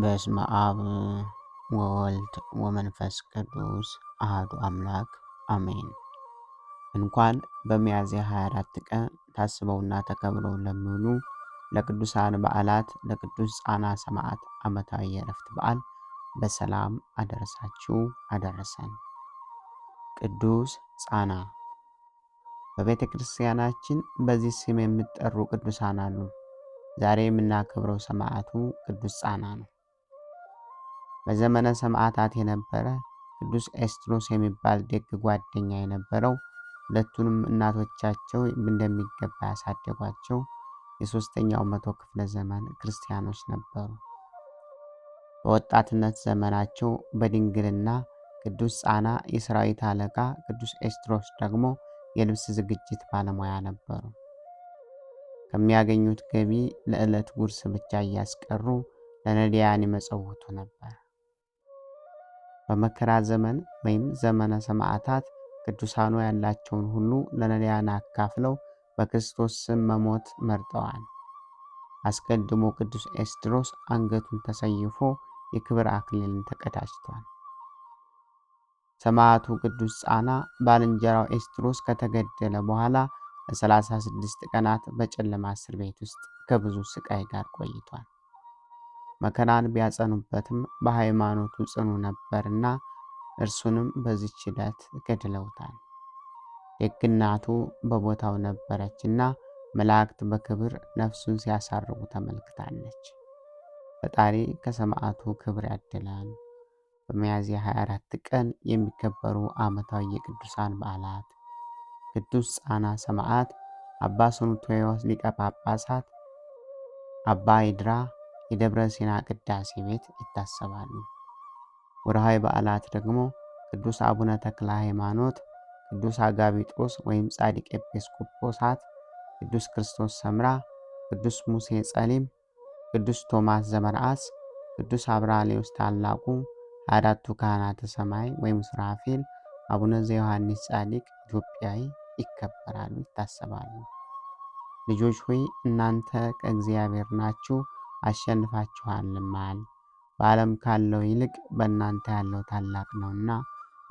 በስመ አብ ወወልድ ወመንፈስ ቅዱስ አህዱ አምላክ አሜን። እንኳን በሚያዝያ 24 ቀን ታስበውና ተከብረው ለሚውሉ ለቅዱሳን በዓላት ለቅዱስ ጻና ሰማዕት ዓመታዊ የረፍት በዓል በሰላም አደረሳችሁ አደረሰን። ቅዱስ ጻና በቤተ ክርስቲያናችን በዚህ ስም የሚጠሩ ቅዱሳን አሉ። ዛሬ የምናከብረው ሰማዕቱ ቅዱስ ጻና ነው። በዘመነ ሰማዕታት የነበረ ቅዱስ ኤስትሮስ የሚባል ደግ ጓደኛ የነበረው ሁለቱንም እናቶቻቸው እንደሚገባ ያሳደጓቸው የሶስተኛው መቶ ክፍለ ዘመን ክርስቲያኖች ነበሩ። በወጣትነት ዘመናቸው በድንግልና ቅዱስ ጻና የሰራዊት አለቃ፣ ቅዱስ ኤስትሮስ ደግሞ የልብስ ዝግጅት ባለሙያ ነበሩ። ከሚያገኙት ገቢ ለዕለት ጉርስ ብቻ እያስቀሩ ለነዳያን ይመጸውቱ ነበር። በመከራ ዘመን ወይም ዘመነ ሰማዕታት ቅዱሳኑ ያላቸውን ሁሉ ለነዳያን አካፍለው በክርስቶስ ስም መሞት መርጠዋል። አስቀድሞ ቅዱስ ኤስድሮስ አንገቱን ተሰይፎ የክብር አክሊልን ተቀዳጅቷል። ሰማዕቱ ቅዱስ ጻና ባልንጀራው ኤስድሮስ ከተገደለ በኋላ ለሰላሳ 36 ቀናት በጨለማ እስር ቤት ውስጥ ከብዙ ስቃይ ጋር ቆይቷል። መከራን ቢያጸኑበትም በሃይማኖቱ ጽኑ ነበርና እርሱንም በዚች ዕለት ገድለውታል። ደግናቱ በቦታው ነበረችና መላእክት በክብር ነፍሱን ሲያሳርጉ ተመልክታለች። ፈጣሪ ከሰማዕቱ ክብር ያድላል። በሚያዝያ 24 ቀን የሚከበሩ ዓመታዊ የቅዱሳን በዓላት ቅዱስ ጻና ሰማዕት፣ አባ ሰኑትዮስ ሊቀ ጳጳሳት፣ አባ ይድራ የደብረ ሲና ቅዳሴ ቤት ይታሰባሉ። ወርሃዊ በዓላት ደግሞ ቅዱስ አቡነ ተክለ ሃይማኖት፣ ቅዱስ አጋቢጦስ ወይም ጻድቅ ኤጲስቆጶሳት፣ ቅዱስ ክርስቶስ ሰምራ፣ ቅዱስ ሙሴ ጸሊም፣ ቅዱስ ቶማስ ዘመርዓስ፣ ቅዱስ አብራሌዎስ ታላቁ፣ አራቱ ካህናተ ሰማይ ወይም ስራፊል፣ አቡነ ዘዮሐንስ ጻድቅ ኢትዮጵያዊ ይከበራሉ፣ ይታሰባሉ። ልጆች ሆይ እናንተ ከእግዚአብሔር ናችሁ አሸንፋችኋልማል። በዓለም ካለው ይልቅ በእናንተ ያለው ታላቅ ነውና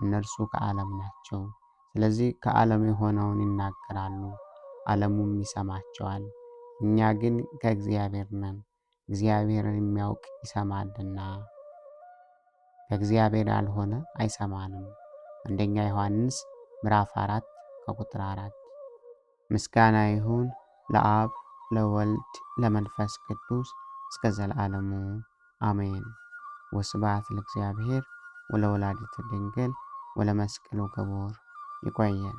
እነርሱ ከዓለም ናቸው። ስለዚህ ከዓለም የሆነውን ይናገራሉ፣ ዓለሙም ይሰማቸዋል። እኛ ግን ከእግዚአብሔር ነን፣ እግዚአብሔርን የሚያውቅ ይሰማልና ከእግዚአብሔር ያልሆነ አይሰማንም። አንደኛ ዮሐንስ ምዕራፍ አራት ከቁጥር አራት ምስጋና ይሁን ለአብ ለወልድ ለመንፈስ ቅዱስ እስከ ዘለዓለሙ አሜን። ወስብሐት ለእግዚአብሔር ወለወላዲቱ ድንግል ወለመስቀሉ ክቡር። ይቆየን።